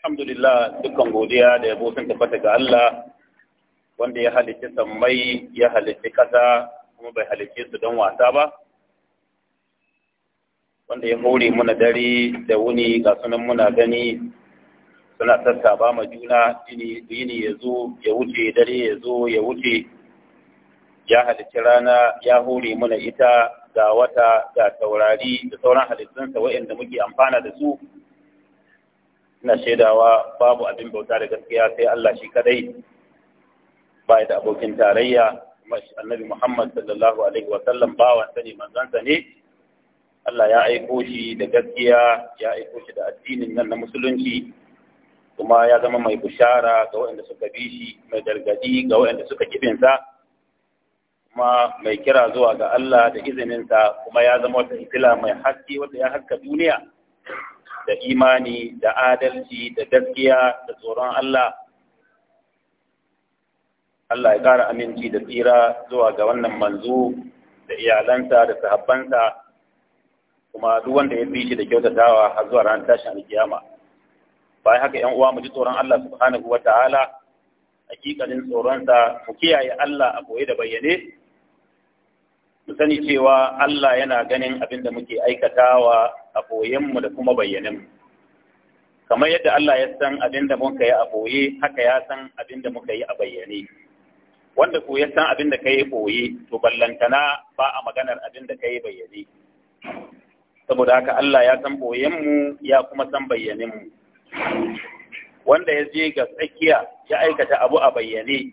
alhamdulillah dukkan godiya da yabo sun tabbata ga Allah wanda ya halicci sammai ya halicci ƙasa kuma bai halicce su don wasa ba wanda ya hore muna dare da wuni ga sunan muna gani suna sassaba ma juna yini ya zo ya wuce dare ya zo ya wuce ya halicci rana ya hore muna ita ga wata ga taurari da sauran halittunsa waɗanda muke amfana da su na shaidawa babu abin bauta da gaskiya sai Allah shi kadai ba da abokin tarayya annabi Muhammad sallallahu alaihi wa sallam ba wa sani manzansa ne Allah ya aiko shi da gaskiya ya aiko shi da addinin nan na musulunci kuma ya zama mai bushara ga waɗanda suka bi shi mai gargadi ga waɗanda suka kibinsa kuma mai kira zuwa ga Allah da izininsa kuma ya zama wata hitila mai haske wanda ya haska duniya da imani da adalci da gaskiya da tsoron Allah Allah ya ƙara aminci da tsira zuwa ga wannan manzo da iyalansa da sahabbansa kuma duk wanda ya fi shi da kyautatawa har zuwa ran tashin alkiyama bayan haka yan uwa mu ji tsoron Allah subhanahu wataala hakikalin tsoronsa mu kiyaye Allah a koyi da bayyane su sani cewa Allah yana ganin abin da muke aikatawa a boyenmu da kuma bayyaninmu kamar yadda Allah ya san abin da muka yi a boye haka ya san abin da muka yi a bayyane wanda ko ya san abin da ka yi boye to ballantana ba a maganar abin da ka yi bayyane saboda haka Allah ya san boyenmu ya kuma san bayyaninmu wanda ya je ga tsakiya ya aikata abu a bayyane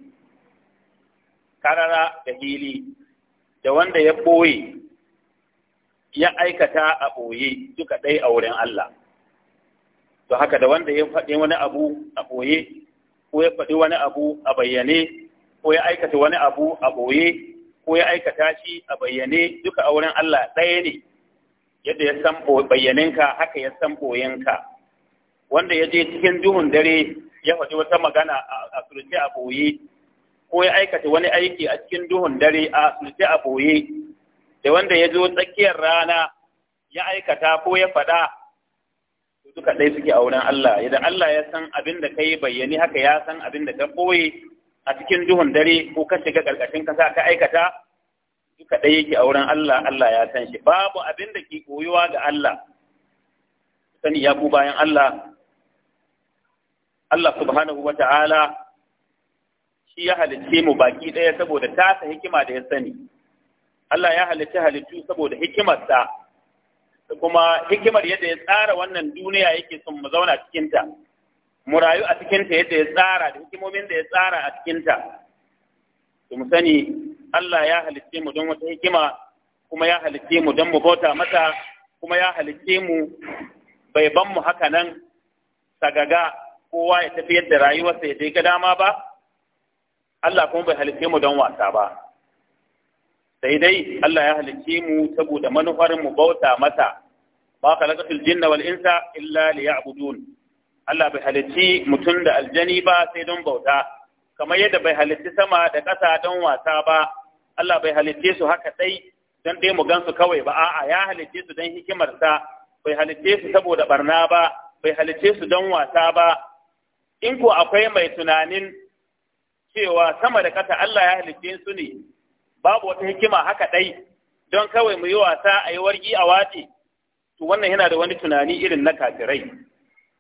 karara da hili da wanda ya ɓoye ya aikata a ɓoye duka ɗai a wurin Allah to haka da wanda ya faɗi wani abu a ɓoye ko ya faɗi wani abu a bayyane ko ya aikata wani abu a ɓoye ko ya aikata shi a bayyane duka a wurin Allah ɗaya ne yadda ya san bayyaninka haka ya san ɓoyenka wanda ya je cikin duhun dare ya faɗi wata magana a a ɓoye ko ya aikata wani aiki a cikin duhun dare a sulce a boye da wanda ya zo tsakiyar rana ya aikata ko ya faɗa duka ɗaya suke a wurin Allah idan Allah ya san abin da kai bayyani haka ya san abin da ka boye a cikin duhun dare ko ka shiga ƙarƙashin kasa ka aikata duka ɗaya yake a wurin Allah Allah ya san shi babu abin da ke koyuwa ga Allah sani ya ku bayan Allah Allah subhanahu wa ta'ala shi ya halicce mu baki ɗaya saboda ta tasa hikima da ya sani Allah ya halicci halittu saboda hikimarsa da kuma hikimar yadda ya tsara wannan duniya yake son mu zauna cikinta mu rayu a cikinta yadda ya tsara da hikimomin da ya tsara a cikinta to mu sani Allah ya halicce mu don wata hikima kuma ya halicce mu don mu bauta masa kuma ya halicce mu bai ban mu haka nan sagaga kowa ya tafi yadda rayuwarsa ya dai ga dama ba Allah kuma bai halice mu don wasa ba sai dai Allah ya halice mu saboda manufar mu bauta masa ba khalaqatul jinna wal insa illa liya'budun Allah bai halice mutum da aljani ba sai don bauta kamar yadda bai halice sama da ƙasa don wasa ba Allah bai halice su haka dai don dai mu gansu kawai ba a'a ya halice su don hikimarsa bai halice su saboda barna ba bai halice su don wasa ba in ko akwai mai tunanin cewa sama da kasa Allah ya halicce su ne babu wata hikima haka dai don kawai mu yi wasa a yi wargi a wace. to wannan yana da wani tunani irin na kafirai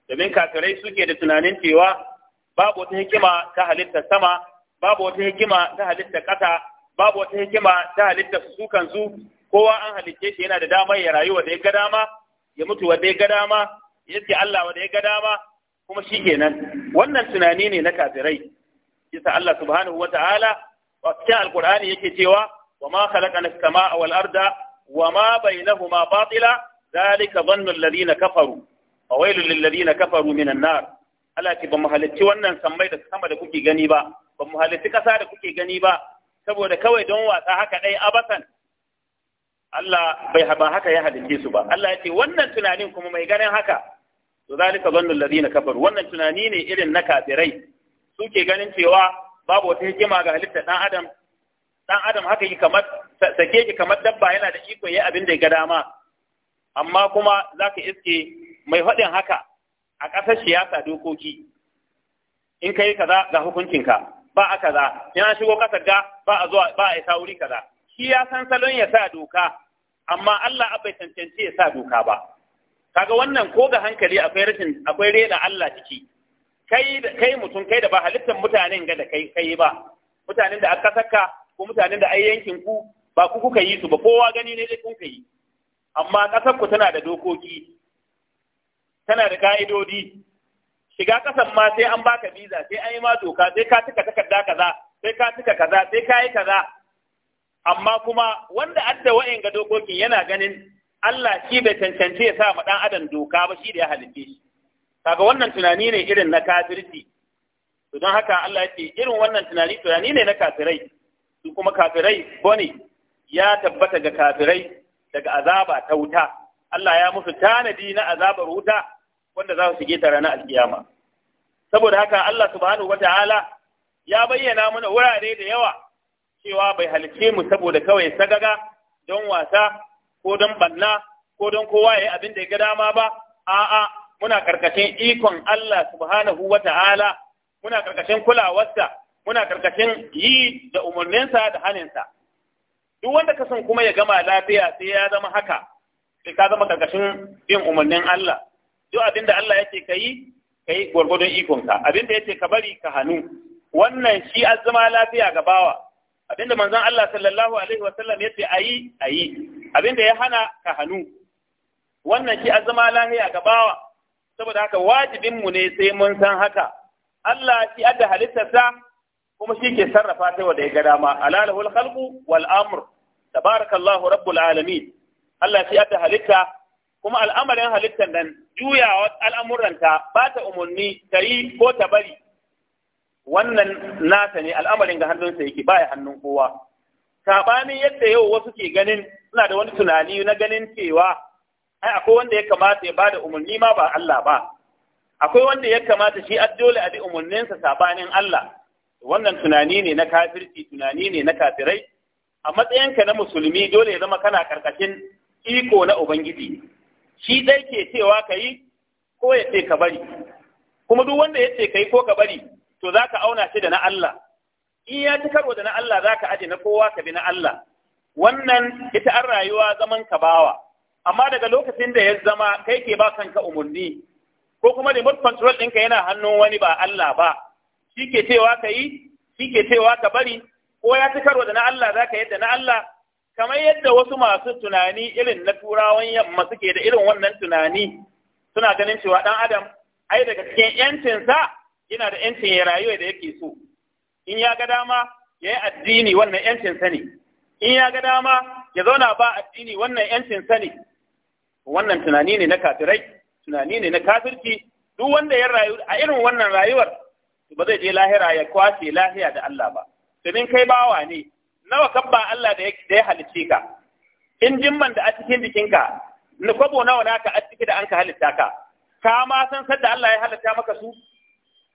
domin kafirai suke da tunanin cewa babu wata hikima ta halitta sama babu wata hikima ta halitta kasa babu wata hikima ta halitta su kansu kowa an halicce shi yana da damar ya rayu wanda ya ga dama ya mutu wanda ya ga dama ya ce Allah wanda ya ga dama kuma shi kenan wannan tunani ne na kafirai yasa Allah subhanahu wa ta'ala a cikin alkur'ani yake cewa wa ma khalaqana na kama a arda wa ma bai bainahuma batila zalika dhannu alladhina kafaru a wailul lil ladina kafaru minan nar Allah ce ba mu halicci wannan sammai da sama da kuke gani ba ba mu halicci kasa da kuke gani ba saboda kawai don wasa haka dai abasan Allah bai ba haka ya halicce su ba Allah ya ce wannan tunanin kuma mai ganin haka to zalika dhannu alladhina kafaru wannan tunani ne irin na kafirai suke ganin cewa babu wata hikima ga halitta dan adam dan adam haka yi kamar sake ki kamar dabba yana da iko yayi abin da ya ga dama amma kuma zaka iske mai faɗin haka a ƙasar siyasa dokoki in kai kaza ga hukuncinka ba a kaza Ina an shigo ƙasar ga ba a zuwa ba a isa wuri kaza shi ya san salon ya sa doka amma Allah bai cancanci ya sa doka ba kaga wannan ko ga hankali akwai rashin akwai reda Allah ciki kai da kai mutum kai da ba halittar mutanen ga da kai kai ba mutanen da aka saka ko mutanen da ai yankin ku ba ku kuka yi su ba kowa gani ne dai kun yi amma kasar ku tana da dokoki tana da ka'idodi shiga kasan ma sai an baka biza sai an yi ma doka sai ka cika takarda kaza sai ka cika kaza sai ka yi kaza amma kuma wanda adda wa'in ga dokokin yana ganin Allah shi bai cancanci ya sa ma dan adam doka ba shi da ya halice shi kaga wannan tunani ne irin na kafirci to don haka Allah ya irin wannan tunani tunani ne na kafirai su kuma kafirai bane ya tabbata ga kafirai daga azaba ta wuta Allah ya musu tanadi na azabar wuta wanda za su shige ta ranar alkiyama saboda haka Allah subhanahu wataala ya bayyana mana wurare da yawa cewa bai halice mu saboda kawai sagaga don wasa ko don banna ko don kowa ya yi abin da ya ga dama ba a'a muna karkashin ikon Allah subhanahu wa ta'ala muna karkashin kulawarsa muna karkashin yi da umarninsa da haninsa duk wanda ka san kuma ya gama lafiya sai ya zama haka sai ka zama karkashin bin umarnin Allah duk abin da Allah yake kai kai gwargwadon ikonka abin da yake ka bari ka hannu wannan shi azama lafiya ga bawa abin da manzon Allah sallallahu alaihi wasallam yace ayi ayi abin da ya hana ka hannu wannan shi azama lafiya ga bawa saboda haka wajibinmu ne sai mun san haka Allah shi adda halittarsa kuma shi ke sarrafa ta wanda ya ga dama alalahul khalqu wal amr tabarakallahu rabbul alamin Allah shi adda halitta kuma al'amarin halittar nan juyawa ta ba ta umarni ta yi ko ta bari wannan nata ne al'amarin ga hannunsa yake baya hannun kowa saɓanin yadda yau wasu ke ganin suna da wani tunani na ganin cewa ai akwai wanda ya kamata ya bada umarni ma ba Allah ba akwai wanda ya kamata shi dole a bi umarninsa sabanin Allah wannan tunani ne na kafirci tunani ne na kafirai a matsayinka na musulmi dole ya zama kana karkashin iko na ubangiji shi dai ke cewa ka ko ya ce ka bari kuma duk wanda ya ce ka yi ko ka bari to zaka auna shi da na Allah in ya ci karo da na Allah zaka ka aje na kowa ka bi na Allah wannan ita an rayuwa zaman ka bawa amma daga lokacin da ya zama kai ke ba kanka umarni ko kuma remote control ɗinka yana hannun wani ba Allah ba shi ke cewa ka yi shi ke cewa ka bari ko ya fi karwa da na Allah za ka yadda na Allah kamar yadda wasu masu tunani irin na turawan yamma suke da irin wannan tunani suna ganin cewa ɗan adam ai daga cikin yancinsa yana da yancin ya rayu da yake so in ya ga dama ya yi addini wannan yancinsa ne in ya ga dama ya zauna ba addini wannan yancinsa ne wannan tunani ne na kafirai tunani ne na kafirci duk wanda ya rayu a irin wannan rayuwar ba zai je lahira ya kwace lahiya da Allah ba domin kai bawa ne nawa kan ba Allah da ya halicce ka in jimman da a cikin jikinka Ni kwabo nawa naka a ciki da an ka halitta ka ka ma san da Allah ya halitta maka su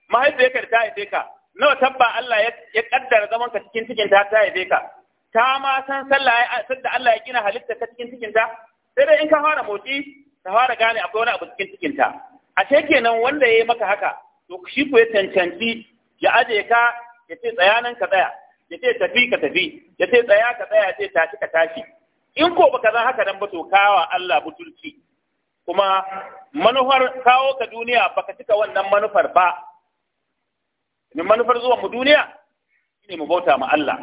mahaifiyarka da ta haife ka nawa tabba Allah ya kaddara zaman ka cikin cikin ta ta haife ka ta ma san sallah da Allah ya gina halitta ka cikin cikin ta sai dai in ka fara motsi ka fara gane akwai wani abu cikin cikinta ce kenan wanda ya yi maka haka to shi ko ya cancanci ya aje ka ya ce tsayanan ka tsaya ya ce tafi ka tafi ya ce tsaya ka tsaya ya ce tashi ka tashi in ko baka zan haka nan ba to kawa Allah butulci kuma manufar kawo ka duniya baka cika wannan manufar ba ne manufar zuwa mu duniya shine mu bauta ma Allah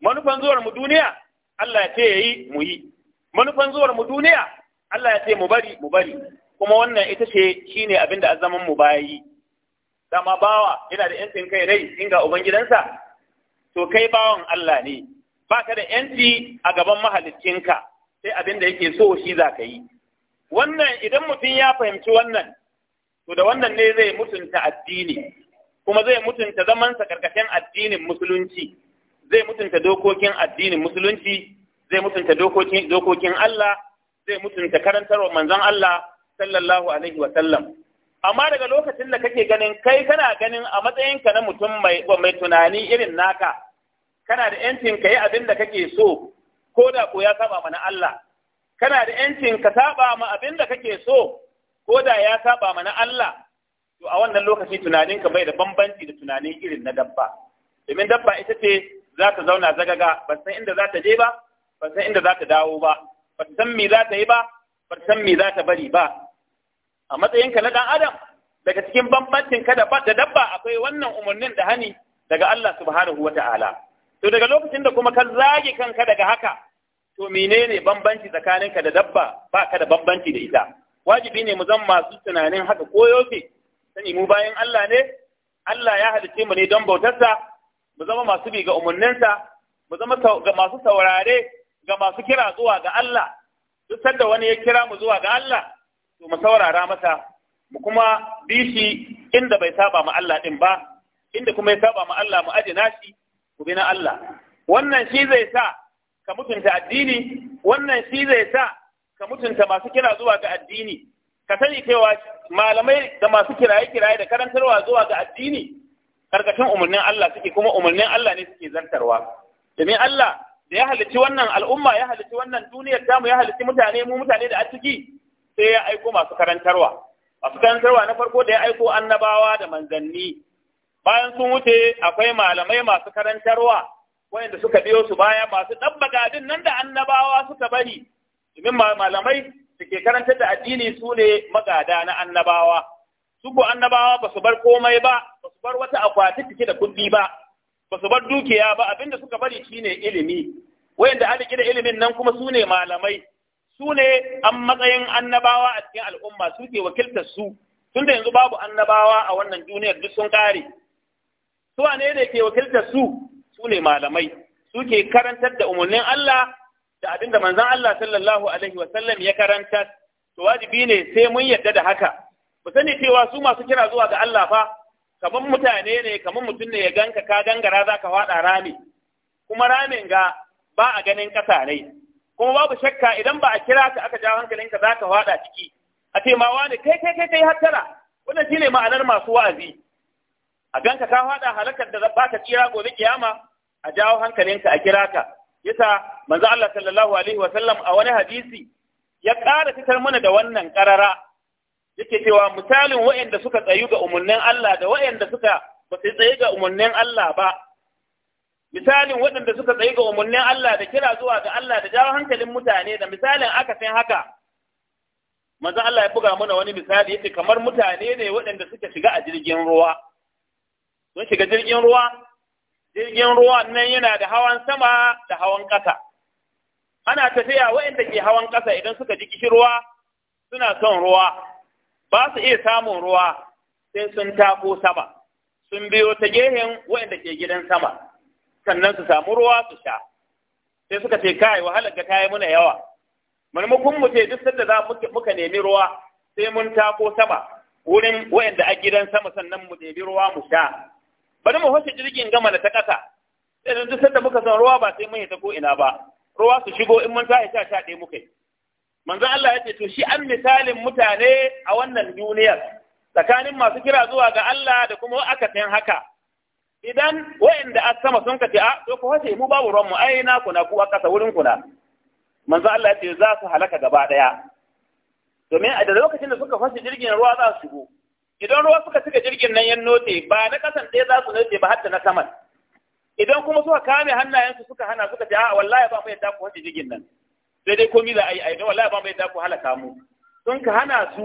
manufan zuwa mu duniya Allah ya ce yayi mu yi manufan zuwar mu duniya Allah ya ce mu bari mu bari kuma wannan ita ce shine abin da azaman mu bayi dama bawa yana da yancin kai rai in ga ubangidansa to kai bawan Allah ne baka da yanci a gaban mahaliccinka sai abin da yake so shi za ka yi wannan idan mutum ya fahimci wannan to da wannan ne zai mutunta addini kuma zai mutunta zamansa karkashin addinin musulunci zai mutunta dokokin addinin musulunci zai mutunta dokokin Allah zai mutunta karantarwa manzon Allah sallallahu alaihi wa sallam amma daga lokacin da kake ganin kai kana ganin a matsayin ka na mutum mai mai tunani irin naka kana da yancin ka yi abin da kake so ko da ko ya saba mana Allah kana da yancin ka saba ma abin da kake so ko da ya saba mana Allah to a wannan lokaci tunanin ka bai da bambanci da tunanin irin na dabba domin dabba ita ce za ta zauna zagaga ba san inda za ta je ba ba san inda za ta dawo ba ba ta san me za ta yi ba ba ta san me za ta bari ba a matsayinka na dan adam daga cikin bambancin ka da dabba akwai wannan umarnin da hani daga Allah subhanahu wa ta'ala to daga lokacin da kuma ka zage kanka daga haka to menene bambanci tsakanin ka da dabba ba ka da bambanci da ita wajibi ne mu zan masu tunanin haka ko yofe sani mu bayan Allah ne Allah ya halice mu ne don bautarsa mu zama masu bi ga umarninsa mu zama masu saurare ga masu kira zuwa ga Allah duk sanda wani ya kira mu zuwa ga Allah to mu saurara masa mu kuma bi shi inda bai saba mu Allah din ba inda kuma ya saba mu Allah mu aji nashi ku bi na Allah wannan shi zai sa ka mutunta addini wannan shi zai sa ka mutunta masu kira zuwa ga addini ka sani cewa malamai da masu kiraye kiraye da karantarwa zuwa ga addini karkashin umarnin Allah suke kuma umarnin Allah ne suke zartarwa domin Allah da ya halitti wannan al'umma ya halitti wannan duniyar tamu ya halitti mutane mu mutane da a sai ya aiko masu karantarwa masu karantarwa na farko da ya aiko annabawa da manzanni bayan sun wuce akwai malamai masu karantarwa wayanda suka biyo su baya masu ɗabbaka din nan da annabawa suka bari domin malamai ke karantar da addini su ne magada na annabawa su ko annabawa ba su bar komai ba ba su bar wata akwati cike da kuɗi ba ba su bar dukiya ba abinda suka bari shine ilimi wayanda an da ilimin nan kuma sune malamai sune an matsayin annabawa a cikin al'umma suke wakiltar su tunda yanzu babu annabawa a wannan duniyar duk sun kare su ne ne ke wakiltar su sune malamai suke karantar da umarnin Allah da abinda manzon Allah sallallahu alaihi wasallam ya karanta to wajibi ne sai mun yarda da haka ba sani cewa su masu kira zuwa ga Allah fa kamar mutane ne kamar mutum ne ya ganka ka gangara za ka faɗa rami kuma ramin ga ba a ganin ƙasa ne kuma babu shakka idan ba a kira ka aka jawo hankalinka za ka faɗa ciki a ce ma wani kai kai kai kai hattara wannan shine ma'anar masu wa'azi a ganka ka faɗa halakar da ba ka tsira gobe kiyama a jawo hankalinka a kira ka yasa manzo Allah sallallahu alaihi wa sallam a wani hadisi ya ƙara fitar mana da wannan ƙarara yake cewa misalin waɗanda suka tsayu ga umarnin Allah da waɗanda suka ba su tsayi ga umarnin Allah ba misalin waɗanda suka tsayu ga umarnin Allah da kira zuwa ga Allah da jawo hankalin mutane da misalin aka san haka manzo Allah ya buga mana wani misali yake kamar mutane ne waɗanda suka shiga a jirgin ruwa sun shiga jirgin ruwa jirgin ruwa nan yana da hawan sama da hawan ƙasa ana tafiya waɗanda ke hawan ƙasa idan suka ji ruwa suna son ruwa ba su iya samun ruwa sai sun tako sama sun biyo ta gehen waɗanda ke gidan sama sannan su samu ruwa su sha sai suka ce kai wahalar ga ta yi muna yawa maimakon mu ce duk sanda za muka nemi ruwa sai mun tako sama wurin waɗanda a gidan sama sannan mu nemi ruwa mu sha bari mu hoshe jirgin gama da ta ƙasa sai duk sanda muka san ruwa ba sai mun yi ta ko ina ba ruwa su shigo in mun ta sha sha ɗaya muka yi manzo Allah ya ce to shi an misalin mutane a wannan duniyar tsakanin masu kira zuwa ga Allah da kuma akasin haka idan wa'inda a sama sun kace a ah, to ku mu babu ruwan aina na kuna ku a kasa wurin kuna manzo Allah ya ce za su halaka gaba daya domin a da lokacin da suka fashe jirgin ruwa za su shigo idan ruwa suka cika jirgin nan yan note ba na kasan ɗaya za su note ba hatta na saman idan kuma suka kame hannayensu suka hana suka ce a ah, wallahi ba mu yadda ku fashe jirgin nan sai dai komi za a yi a yi bai wallahi mai ku halaka mu sun ka hana su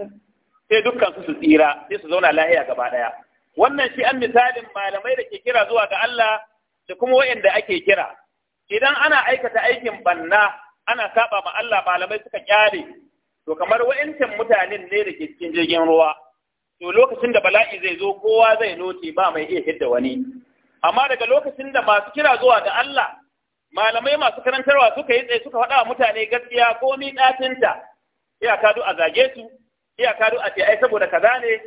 sai dukkan su su tsira sai su zauna lahiya gaba daya wannan shi an misalin malamai da ke kira zuwa ga Allah da kuma waɗanda ake kira idan ana aikata aikin banna ana saba ma Allah malamai suka kyare, to kamar wa'ancan mutanen ne da ke cikin jirgin ruwa to lokacin da bala'i zai zo kowa zai noce ba mai iya hidda wani amma daga lokacin da masu kira zuwa ga Allah malamai masu karantarwa suka yi tsaye suka faɗa wa mutane gaskiya komi ɗacinta iya kadu a zage su iya kadu a ce ai saboda kaza ne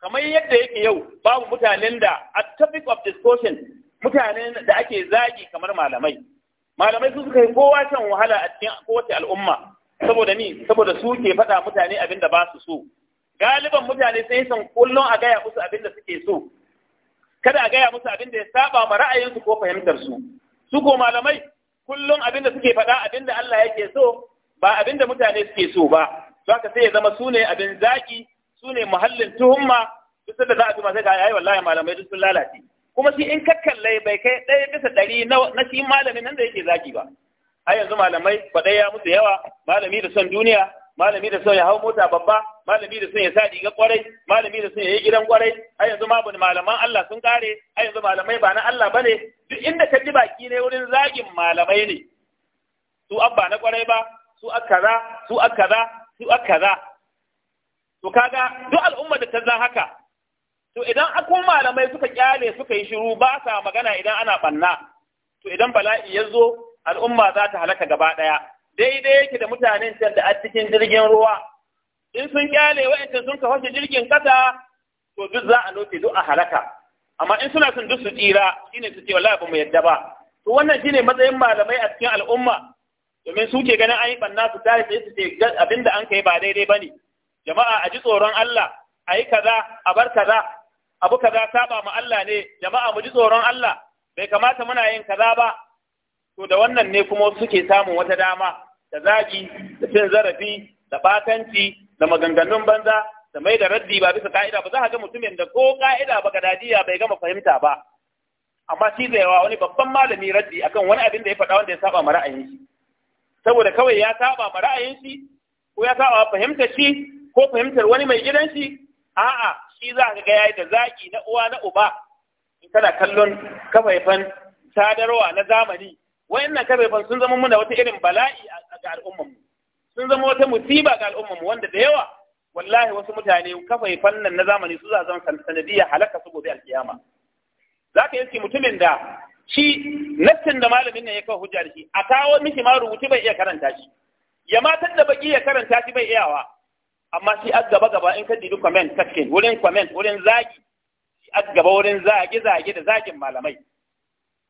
kamar yadda yake yau babu mutanen da a topic of discussion mutanen da ake zagi kamar malamai malamai su suka yi kowa shan wahala a cikin kowace al'umma saboda ni saboda su ke faɗa mutane abin da ba su so galiban mutane sai san kullum a gaya musu abin da suke so kada a gaya musu abin da ya saba ma ra'ayinsu ko fahimtar su su ko malamai kullum abin da suke faɗa abin da Allah yake so ba abin da mutane suke so ba zaka sai ya zama sune abin zaki sune muhallin tuhumma duk da za a tuma sai ga ayi wallahi malamai duk sun lalace kuma shi in kakkalle bai kai ɗaya bisa ɗari na shi malamin nan da yake zaki ba Har yanzu malamai ya musu yawa malami da son duniya malami da son ya hau mota babba malami da son ya sa kwarai malami da son ya yi gidan kwarai a yanzu ma malaman Allah sun kare a yanzu malamai ba na Allah bane duk inda ka ji baki ne wurin zagin malamai ne su abba na kwarai ba su akaza su akaza su akaza to kaga duk al'umma da ta za haka to idan akun malamai suka kyale suka yi shiru ba sa magana idan ana banna to idan bala'i ya zo al'umma za ta halaka gaba daya daidai yake da mutanen can da a cikin jirgin ruwa in sun kyale wa'ancan sun ka fashe jirgin kasa to duk za a lote duk a halaka amma in suna son duk su tsira shine su ce wallahi ba mu yadda ba to wannan shine matsayin malamai a cikin al'umma domin su ganin an yi banna su tare sai su ce abinda an kai ba daidai ba ne. jama'a a ji tsoron Allah a yi kaza a bar kaza abu kaza saba ma Allah ne jama'a mu ji tsoron Allah bai kamata muna yin kaza ba to da wannan ne kuma suke samun wata dama da zagi da cin zarafi da batanci da maganganun banza da mai da raddi ba bisa ka'ida ba za ka ga mutumin da ko ka'ida ba gadadiya bai gama fahimta ba amma shi zai wa wani babban malami raddi akan wani abin da ya faɗa wanda ya saba ma ra'ayin shi saboda kawai ya saba ma ra'ayin shi ko ya saba fahimtar shi ko fahimtar wani mai gidan shi a'a shi za ka ga yayi da zaki na uwa na uba in kana kallon kafafen sadarwa na zamani wayannan karfafan sun zama muna wata irin bala'i ga al'ummar mu sun zama wata musiba ga al'ummar mu wanda da yawa wallahi wasu mutane kafa fannin na zamani su za zama sanadiyya halaka su gobe alkiyama zaka yanki mutumin da shi nassin da malamin nan ya kawo hujja da shi a kawo miki ma rubutu bai iya karanta shi ya matan da baki ya karanta shi bai iyawa amma shi a gaba gaba in ka dibi comment section wurin comment wurin zagi shi a gaba wurin zage zage da zagin malamai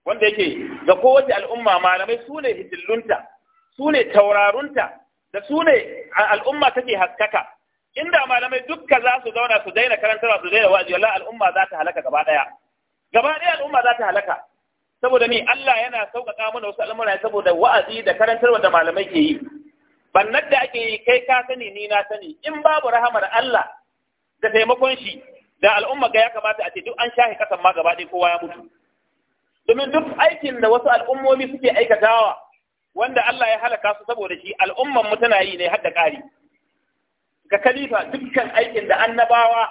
wanda yake ga kowace al'umma malamai su ne hitillunta su ne taurarunta da su ne al'umma take haskaka inda malamai dukka za su zauna su daina karantarwa su daina wa'azi wallahi al'umma za ta halaka gaba daya gaba daya al'umma za ta halaka saboda ni Allah yana sauƙaƙa mana wasu al'amura saboda wa'azi da karantarwa da malamai ke yi Bannan da ake yi kai ka sani ni na sani in babu rahamar Allah da taimakon shi da al'umma ga ya kamata a ce duk an shahi kasan ma gaba ɗaya kowa ya mutu domin duk aikin da wasu al'ummomi suke aikatawa wanda Allah ya halaka su saboda shi al'umman mu tana yi ne har da ƙari ga kalifa dukkan aikin da annabawa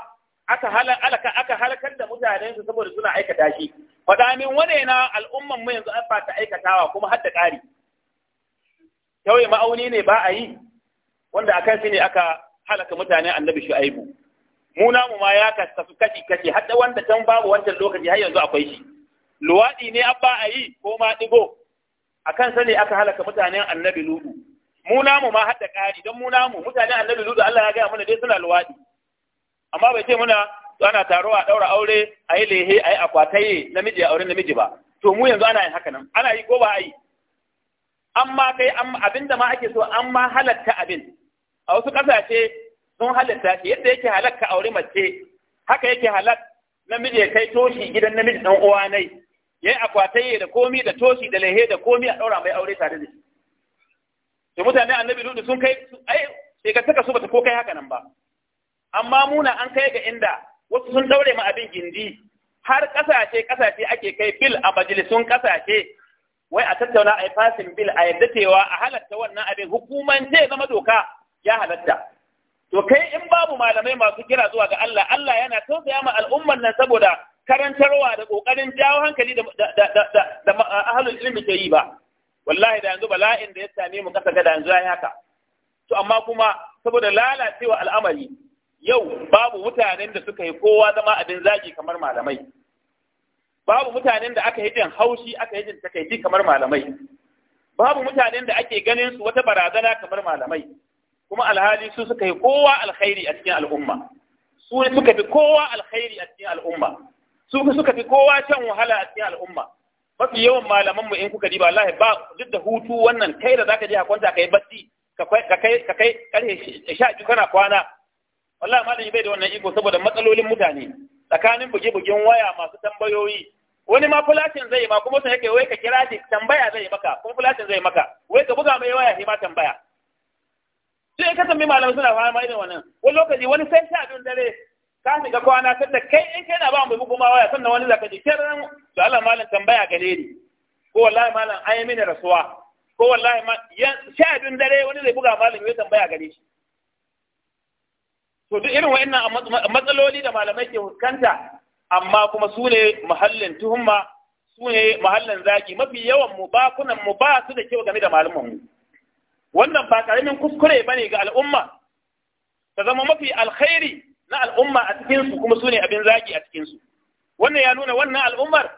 aka halaka aka halakar da mutanen su saboda suna aikata shi faɗa min wane na al'umman mu yanzu an ta aikatawa kuma har da ƙari kawai ma'auni ne ba a yi wanda akan shi ne aka halaka mutane annabi shu'aibu mu namu ma ya kasu kashi kashi har da wanda can babu wancan lokaci har yanzu akwai shi luwaɗi ne abba a yi ko ma ɗigo a kan sani aka halaka mutanen annabi ludu mu namu ma hadda ƙari don mu namu mutanen annabi ludu Allah ya gaya mana dai suna luwaɗi amma bai ce muna ana taro a ɗaura aure a yi lehe a yi akwataye namiji a auren namiji ba to mu yanzu ana yin haka nan ana yi ko ba a yi amma kai abinda ma ake so amma halatta abin a wasu ƙasashe sun halatta shi yadda yake halakka aure mace haka yake halak namiji ya kai toshi gidan namiji dan uwa nai ya yi da komi da toshi da lehe da komi a ɗaura mai aure tare da shi to mutane annabi lutu sun kai ai taka su bata ko kai haka nan ba amma muna an kai ga inda wasu sun daure ma abin gindi har ƙasashe kasashe ake kai bil a majalisun kasashe wai a tattauna a yi fasin bil a yadda cewa a halatta wannan abin hukumance zama doka ya halatta to kai in babu malamai masu kira zuwa ga Allah Allah yana tausaya ma al'ummar nan saboda karantarwa da kokarin jawo hankali da da ahlul ilmi ke yi ba wallahi da yanzu bala'in da ya same mu kasa ga da yanzu ya haka to amma kuma saboda lalacewa al'amari yau babu mutanen da suka yi kowa zama abin zagi kamar malamai babu mutanen da aka yi jin haushi aka yi jin takaici kamar malamai babu mutanen da ake ganin su wata barazana kamar malamai kuma alhali su suka yi kowa alkhairi a cikin al'umma su ne suka fi kowa alkhairi a cikin al'umma su suka fi kowa shan wahala a cikin al'umma mafi yawan malaman mu in kuka diba Allah ba duk da hutu wannan kai da zaka je ka kwanta kai bacci ka kai ka kai karhe sha biyu kana kwana wallahi malami bai da wannan iko saboda matsalolin mutane tsakanin buge-bugen waya masu tambayoyi wani ma fulatin zai ma kuma sun yake wai ka kira shi tambaya zai maka kuma fulatin zai maka wai ka buga mai waya shi ma tambaya sai ka tambayi malamai suna fama irin wannan wani lokaci wani sai sha biyun dare ka ga kwana da kai in kai na ba mu bugu ma waya sannan wani zaka ji kiran to Allah malam tambaya gare ni ko wallahi malam ayi mini rasuwa ko wallahi ma sha biyun dare wani zai buga malam ya tambaya gare shi to duk irin wa'annan matsaloli da malamai ke fuskanta amma kuma su ne mahallin tuhumma su ne mahallin zaki mafi yawan mu bakunan mu ba su da kyau game da malaman mu wannan ba karamin kuskure bane ga al'umma ta zama mafi alkhairi na al'umma a cikinsu kuma su ne abin zaki a cikinsu wannan ya nuna wannan al'ummar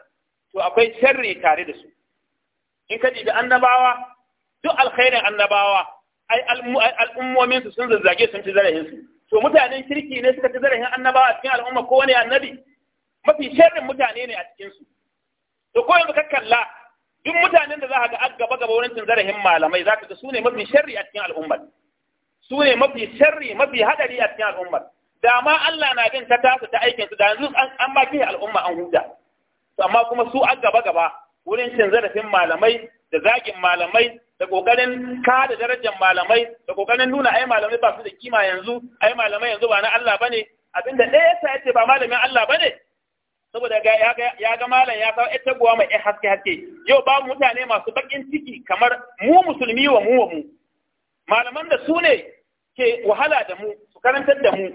to akwai sharri tare da su in ka da annabawa duk alkhairin annabawa ai al'ummominsu sun zazzage sun ci zarahinsu. to mutanen kirki ne suka ci zarafin annabawa a cikin al'umma ko wani annabi mafi sharrin mutane ne a cikinsu. to ko yanzu ka kalla duk mutanen da za ka ga gaba gaba wurin cin zarafin malamai za ka ga su ne mafi sharri a cikin al'ummar su ne mafi sharri mafi hadari a cikin al'ummar da ma Allah na bin ta tasu ta aikin su da yanzu an ba kai al'umma an huta to amma kuma su an gaba gaba wurin cin zarafin malamai da zagin malamai da kokarin da darajar malamai da kokarin nuna ai malamai ba su da kima yanzu ai malamai yanzu ba na Allah bane abinda ɗaya yasa yace ba malamin Allah bane saboda ga ya ga ya ga malam ya kawo ita guwa mai haske haske yau ba mutane masu bakin ciki kamar mu musulmi wa mu wa mu malaman da su ne ke wahala da mu su karantar da mu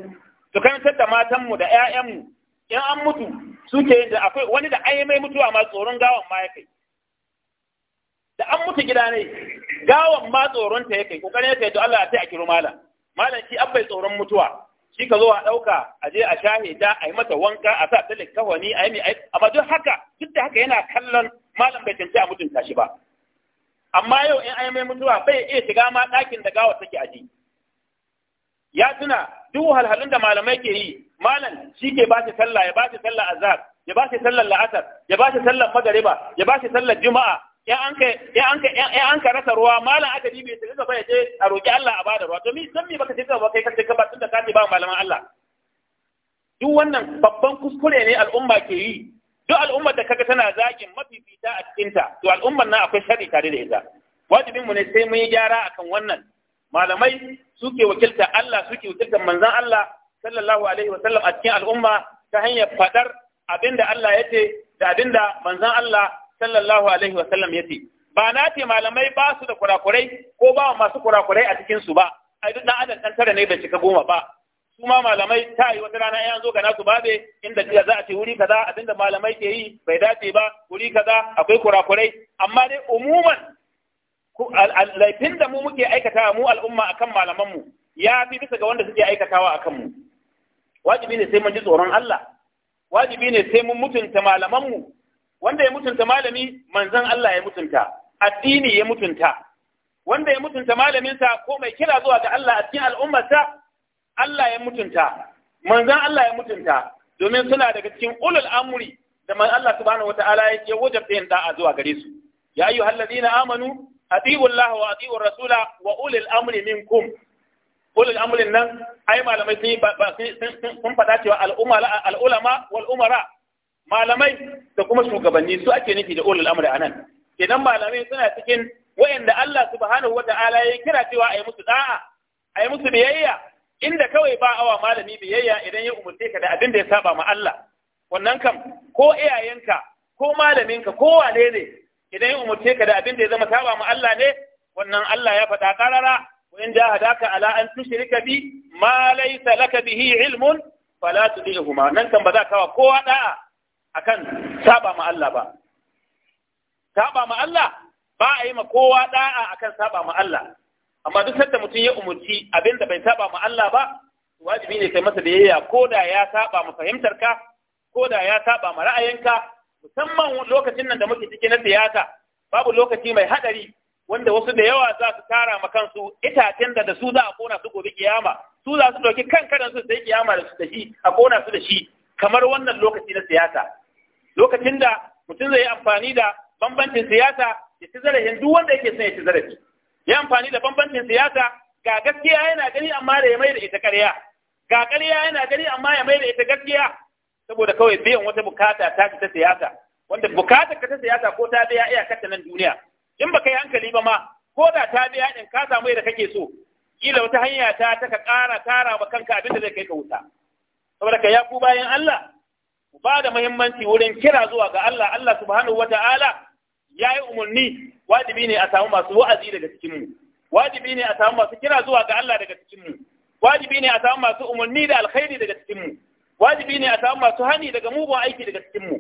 su ta da matanmu da 'ya'yanmu in an mutu suke yin da akwai wani da an yi mai mutuwa ma tsoron gawan ma ya kai da an mutu gida ne gawan ma tsoron ta ya kai kokarin ya kai to Allah ya a kiro malam malam shi an tsoron mutuwa shi ka zo a ɗauka a je a shahe ta a yi mata wanka a sa ta likawani a yi mai amma duk haka duk da haka yana kallon malam bai tantance a mutunta shi ba amma yau in an yi mai mutuwa bai iya shiga ma ɗakin da gawa take ji ya tuna duk wahalhalun da malamai ke yi malam shi ke ba shi sallah ya ba shi sallah azhar ya ba shi la'asar ya ba shi sallar magariba ya ba shi sallar juma'a ya an ka ya an ka ya an ka rasa ruwa malam aka dibe shi ka ya je a roki Allah a bada ruwa to mi san me baka ce ba kai kace ka ba tunda ka ba malaman Allah duk wannan babban kuskure ne al'umma ke yi duk al'ummar da kaga tana zakin mafifita a cikinta to al'ummar nan akwai sharri tare da ita wajibin mu ne sai mun yi gyara akan wannan malamai suke wakilta Allah suke wakilta manzan Allah sallallahu alaihi wa sallam a cikin al'umma ta hanyar fadar abinda Allah ya ce da abinda manzan Allah sallallahu alaihi wa sallam ya ce ba na ce malamai ba su da kurakurai ko ba masu kurakurai a cikin su ba ai duk dan adam dan tare ne bai cika goma ba su ma malamai ta yi wata rana an zo ga nasu babe inda kila za a ce wuri kaza abinda malamai ke yi bai dace ba wuri kaza akwai kurakurai amma dai umuman laifin da mu muke aikatawa mu al'umma akan mu ya fi bisa ga wanda suke aikatawa akan mu wajibi ne sai mun ji tsoron Allah wajibi ne sai mun mutunta mu. wanda ya mutunta malami manzon Allah ya mutunta addini ya mutunta wanda ya mutunta malaminsa ko mai kira zuwa ga Allah a cikin al'ummarsa Allah ya mutunta manzon Allah ya mutunta domin suna daga cikin ulul da man Allah subhanahu wataala ya wajabta yin da'a zuwa gare su ya ayyuhallazina amanu ati'u Allah wa Rasula wa ulil amri amrin nan ai malamai sun sun faɗa umara malamai da kuma shugabanni su ake nufi da ulil amri anan Idan malamai suna cikin wayanda Allah subhanahu wata'ala ya kira cewa ai musu da'a ai musu biyayya inda kawai ba awa malami biyayya idan ya umurce ka da abin da ya saba ma Allah wannan kam ko iyayenka ko malaminka ko wane ne idan ya umarce ka da abin da ya zama saba mu Allah ne wannan Allah ya faɗa karara wa in hadaka ala an tushrika bi ma laysa laka bihi ilmun fala tudihuma nan kan ba za ka wa kowa da'a akan saba ma Allah ba saba ma Allah ba a yi ma kowa da'a akan saba ma Allah amma duk sanda mutum ya umarci abin da bai saba ma Allah ba wajibi ne kai masa biyayya ko da ya saba ma fahimtarka ko da ya saba ma ra'ayinka musamman lokacin nan da muke cike na siyasa babu lokaci mai hadari wanda wasu da yawa za su tara ma kansu itacen da da su za a kona su gobe kiyama su za su dauki kan kadan su sai kiyama da su da shi a kona su da shi kamar wannan lokaci na siyasa lokacin da mutum zai yi amfani da bambancin siyasa ya ci zarafin duk wanda yake son ya ci zarafi ya amfani da bambancin siyasa ga gaskiya yana gani amma da ya mai da ita ƙarya ga ƙarya yana gani amma ya mai da ita gaskiya saboda kawai biyan wata bukata ta ta siyasa wanda bukatar ka ta siyasa ko ta biya iyakar ta nan duniya in baka yi hankali ba ma ko da ta biya din ka samu yadda kake so kila wata hanya ta ta ka ƙara tara kanka abinda da zai kai ka wuta saboda ka bayan Allah ku ba da muhimmanci wurin kira zuwa ga Allah Allah subhanahu wata'ala ya yi umarni wajibi ne a samu masu wa'azi daga cikinmu, mu wajibi ne a samu masu kira zuwa ga Allah daga cikinmu, wajibi ne a samu masu umarni da alkhairi daga cikin mu wajibi ne a samu masu hani daga mugun aiki daga cikin mu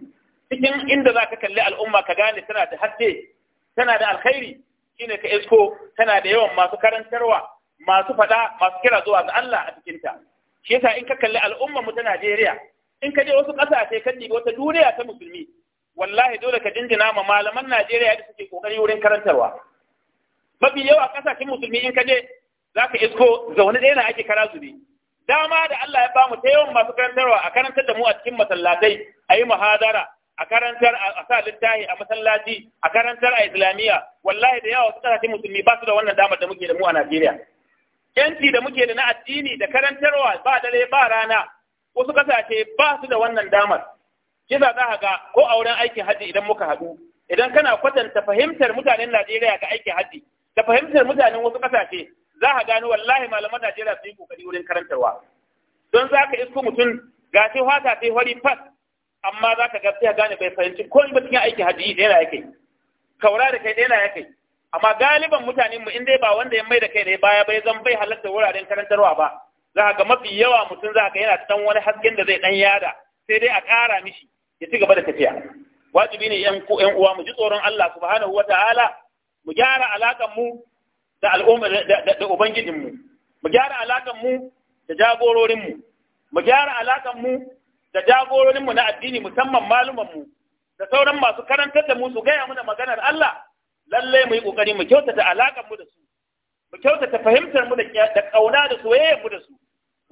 cikin inda za ka kalli al'umma ka gane tana da haske tana da alkhairi shine ka isko tana da yawan masu karantarwa masu faɗa masu kira zuwa ga Allah a cikinta shi yasa in ka kalli al'umma mu ta Najeriya in ka je wasu ƙasashe kan diga wata duniya ta musulmi wallahi dole ka jinjina ma malaman Najeriya da suke kokari wurin karantarwa mafi yawa ƙasashen musulmi in ka je za ka isko zaune ɗaya na ake kara ne. dama da Allah ya bamu ta yawan masu karantarwa a karantar da mu a cikin masallatai a yi muhadara a karantar a sa littahi a masallaci a karantar a islamiyya wallahi da yawa wasu kasashen musulmi ba su da wannan damar da muke da mu a Najeriya yanci da muke da na addini da karantarwa ba dare ba rana wasu kasashe ba su da wannan damar kisa za ka ga ko a wurin aikin haji idan muka haɗu idan kana kwatanta fahimtar mutanen Najeriya ga aikin haji da fahimtar mutanen wasu kasashe za ka gano wallahi malaman Najeriya su yi kokari wurin karantarwa don za ka isko mutum ga sai fata sai hori fas amma za ka a gane bai fahimci ko ba cikin aiki hadiyi da ya kai kaura da kai yana ya kai amma galiban mutanen mu in dai ba wanda ya mai da kai ne baya bai zan bai halarta wuraren karantarwa ba za ga mafi yawa mutum za ka yana dan wani hasken da zai dan yada sai dai a ƙara mishi ya ci gaba da tafiya wajibi ne yan uwa mu ji tsoron Allah subhanahu ta'ala mu gyara alakan mu da al'umma da ubangijinmu mu gyara alaƙanmu da jagororinmu, mu gyara alaƙanmu da jagororinmu na addini musamman malumanmu mu da sauran masu karantar da mu su gaya mana maganar Allah lalle mu yi ƙoƙari mu kyautata alakan mu da su mu kyautata fahimtar mu da ƙauna da soyayya mu da su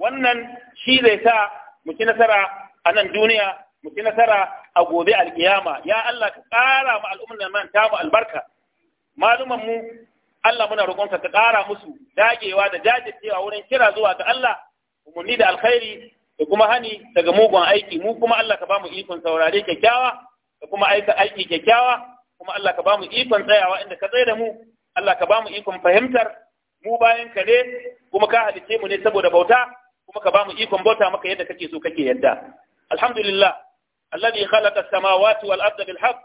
wannan shi zai sa mu ci nasara a nan duniya mu ci nasara a gobe alkiyama ya Allah ka ƙara mu al'ummar nan ta mu albarka maluman mu Allah muna roƙonka ka ƙara musu dagewa da jajircewa wurin kira zuwa ga Allah umarni da alkhairi da kuma hani daga mugun aiki mu kuma Allah ka bamu ikon saurare kyakkyawa da kuma aika aiki kyakkyawa kuma Allah ka bamu ikon tsayawa inda ka tsaye da mu Allah ka bamu ikon fahimtar mu bayan ka ne kuma ka halice mu ne saboda bauta kuma ka bamu ikon bauta maka yadda kake so kake yadda alhamdulillah Allah khalaqa khalaka samawati wal arda bil haqq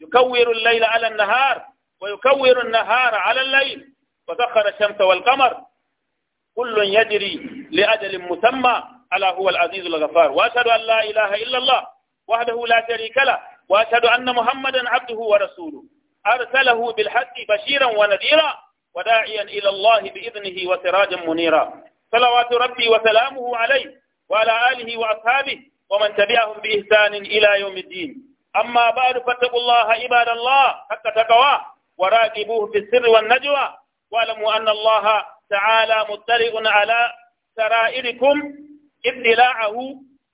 yukawwiru al-layla 'ala an-nahar ويكور النهار على الليل وسخر الشمس والقمر كل يجري لأجل مسمى ألا هو العزيز الغفار وأشهد أن لا إله إلا الله وحده لا شريك له وأشهد أن محمدا عبده ورسوله أرسله بالحق بشيرا ونذيرا وداعيا إلى الله بإذنه وسراجا منيرا صلوات ربي وسلامه عليه وعلى آله وأصحابه ومن تبعهم بإحسان إلى يوم الدين أما بعد فاتقوا الله عباد الله حق تقواه وراقبوه في السر والنجوى واعلموا أن الله تعالى مطلع على سرائركم ابتلاعه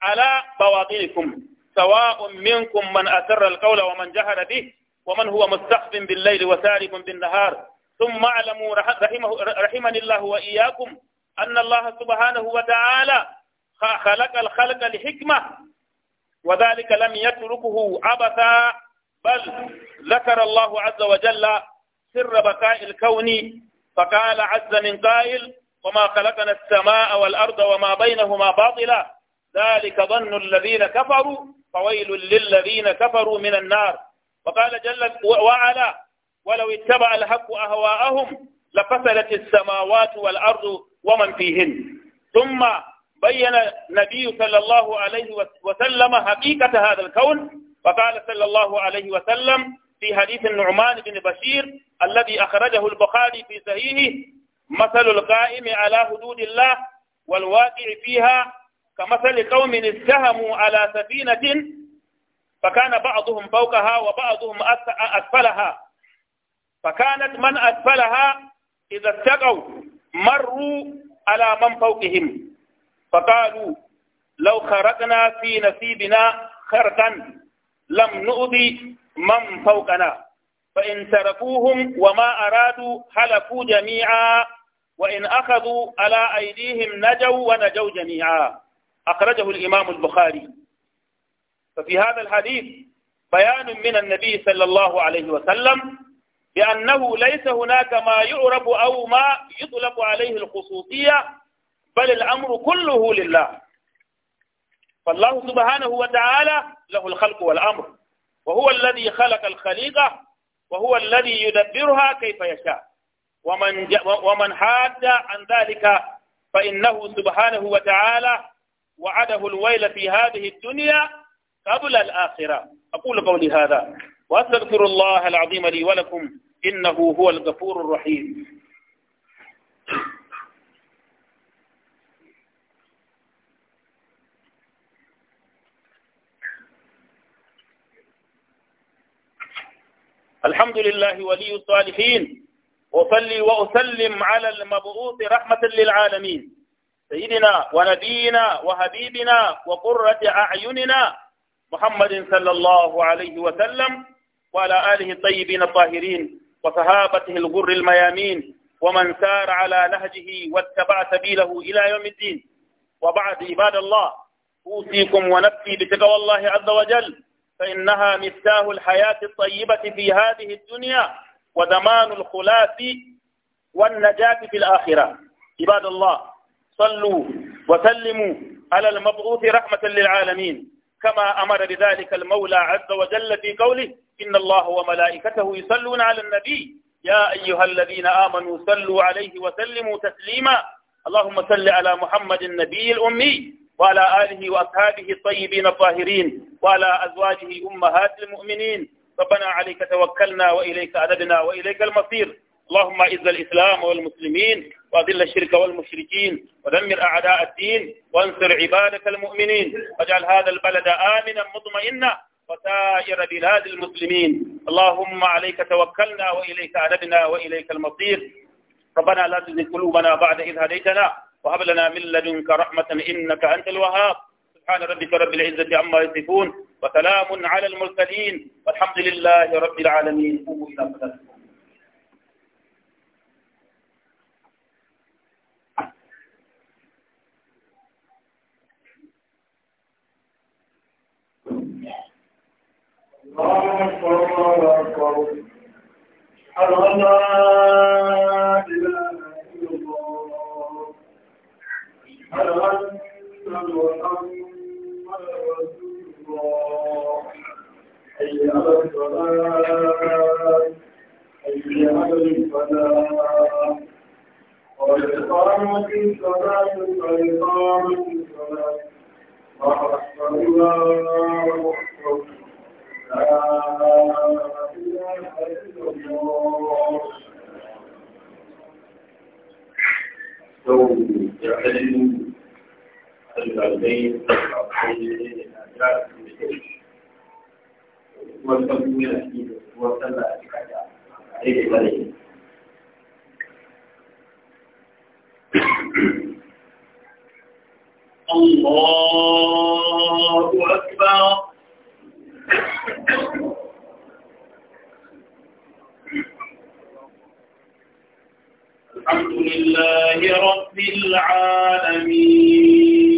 على بواطنكم سواء منكم من أسر القول ومن جهر به ومن هو مستخف بالليل وسارب بالنهار ثم اعلموا رحمه رحمني الله وإياكم أن الله سبحانه وتعالى خلق الخلق لحكمة وذلك لم يتركه عبثا بل ذكر الله عز وجل سر بقاء الكون فقال عز من قائل وما خلقنا السماء والأرض وما بينهما باطلا ذلك ظن الذين كفروا فويل للذين كفروا من النار وقال جل وعلا ولو اتبع الحق أهواءهم لفسدت السماوات والأرض ومن فيهن ثم بين النبي صلى الله عليه وسلم حقيقة هذا الكون فقال صلى الله عليه وسلم في حديث النعمان بن بشير الذي أخرجه البخاري في صحيحه مثل القائم على حدود الله والواقع فيها كمثل قوم اتهموا على سفينة فكان بعضهم فوقها وبعضهم أسفلها فكانت من أسفلها إذا اتقوا مروا على من فوقهم فقالوا لو خرقنا في نصيبنا خرقا لم نؤذي من فوقنا فإن تركوهم وما أرادوا هلكوا جميعا وإن أخذوا على أيديهم نجوا ونجوا جميعا أخرجه الإمام البخاري ففي هذا الحديث بيان من النبي صلى الله عليه وسلم بأنه ليس هناك ما يعرف أو ما يطلق عليه الخصوصية بل الأمر كله لله فالله سبحانه وتعالى له الخلق والأمر وهو الذي خلق الخليقة وهو الذي يدبرها كيف يشاء ومن ومن حاد عن ذلك فإنه سبحانه وتعالى وعده الويل في هذه الدنيا قبل الآخرة أقول قولي هذا وأستغفر الله العظيم لي ولكم إنه هو الغفور الرحيم الحمد لله ولي الصالحين وصلي وأسلم على المبعوث رحمة للعالمين سيدنا ونبينا وحبيبنا وقرة أعيننا محمد صلى الله عليه وسلم وعلى آله الطيبين الطاهرين وصحابته الغر الميامين ومن سار على نهجه واتبع سبيله إلى يوم الدين وبعد عباد الله أوصيكم ونفسي بتقوى الله عز وجل فإنها مفتاح الحياة الطيبة في هذه الدنيا وضمان الخلاف والنجاة في الآخرة عباد الله صلوا وسلموا على المبعوث رحمة للعالمين كما أمر بذلك المولى عز وجل في قوله إن الله وملائكته يصلون على النبي يا أيها الذين آمنوا صلوا عليه وسلموا تسليما اللهم صل على محمد النبي الأمي وعلى آله وأصحابه الطيبين الطاهرين وعلى أزواجه أمهات المؤمنين ربنا عليك توكلنا وإليك أدبنا وإليك المصير اللهم إذ الإسلام والمسلمين وأذل الشرك والمشركين ودمر أعداء الدين وانصر عبادك المؤمنين واجعل هذا البلد آمنا مطمئنا وسائر بلاد المسلمين اللهم عليك توكلنا وإليك أدبنا وإليك المصير ربنا لا تزغ قلوبنا بعد إذ هديتنا وهب لنا من لدنك رحمة إنك أنت الوهاب سبحان ربك رب العزة عما يصفون وسلام على المرسلين والحمد لله رب العالمين قوموا إلى صلاتكم الله أكبر الله أكبر الله على أن محمد رسول الله حي على الصلاة حي على الصلاة قد قامت الصلاة الله أكبر الله أكبر لا إله إلا الله So, yeah, الله أكبر الحمد لله رب العالمين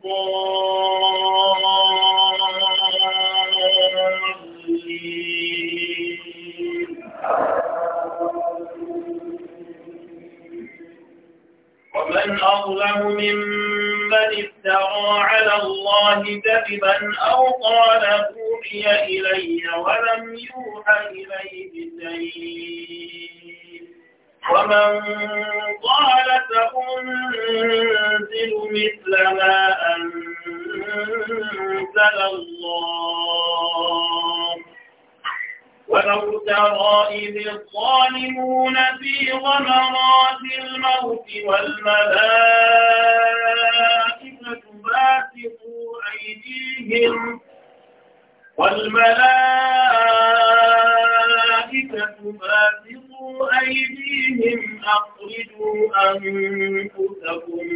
ومن أظلم ممن افترى على الله كذبا أو قال أوحي إلي ولم يوحى إليه شيء ومن قال سأنزل مثل ما أنزل الله ولو ترى إذ الظالمون في غمرات الموت والملائكة باسطوا أيديهم والملائكة باسطوا أيديهم أخرجوا أنفسكم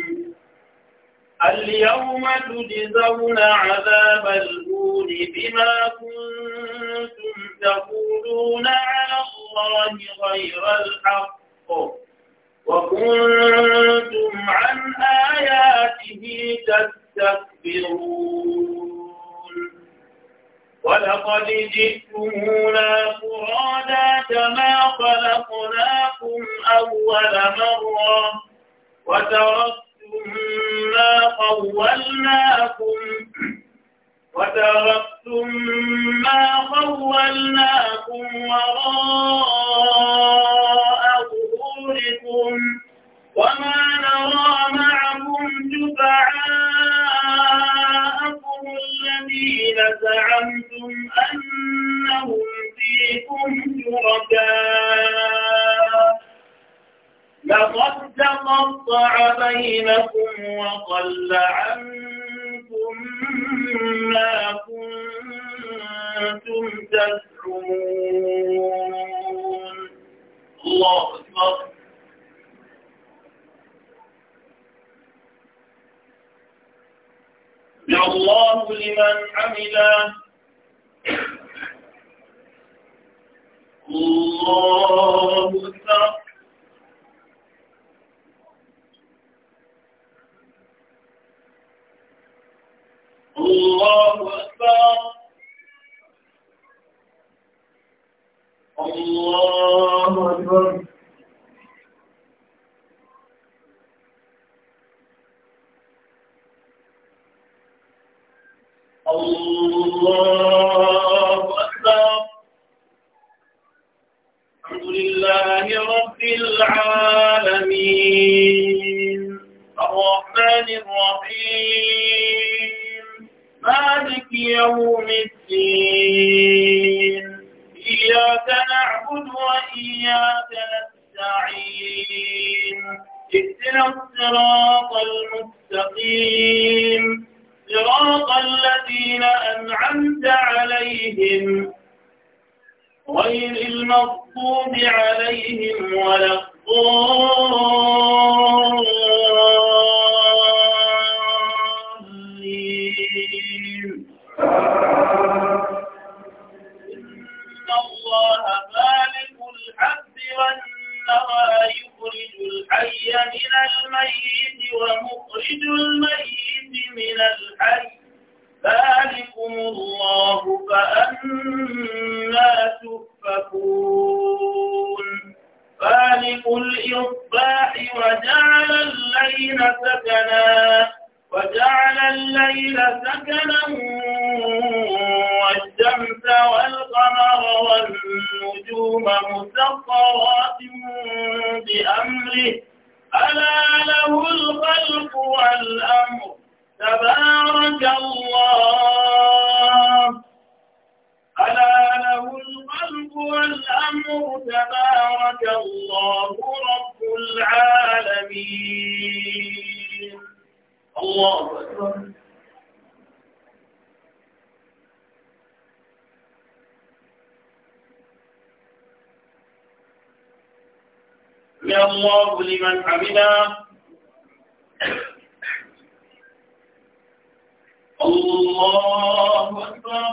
اليوم تجزون عذاب الهون بما كنتم تقولون على الله غير الحق وكنتم عن آياته تستكبرون ولقد جئتمونا كما خلقناكم أول مرة وتركتم ما خولناكم وتركتم ما خولناكم وراء وقطع بينكم وقل عنكم ما كنتم تزعمون الله أكبر الله لمن عمل الله أكبر الله أكبر الله أكبر مالك الإصباح وجعل الليل سكنا وجعل الليل سكنا والشمس والقمر والنجوم مسخرات بأمره ألا له الخلق والأمر تبارك الله ألا له الخلق والأمر تبارك الله رب العالمين الله أكبر الله لمن حمده الله أكبر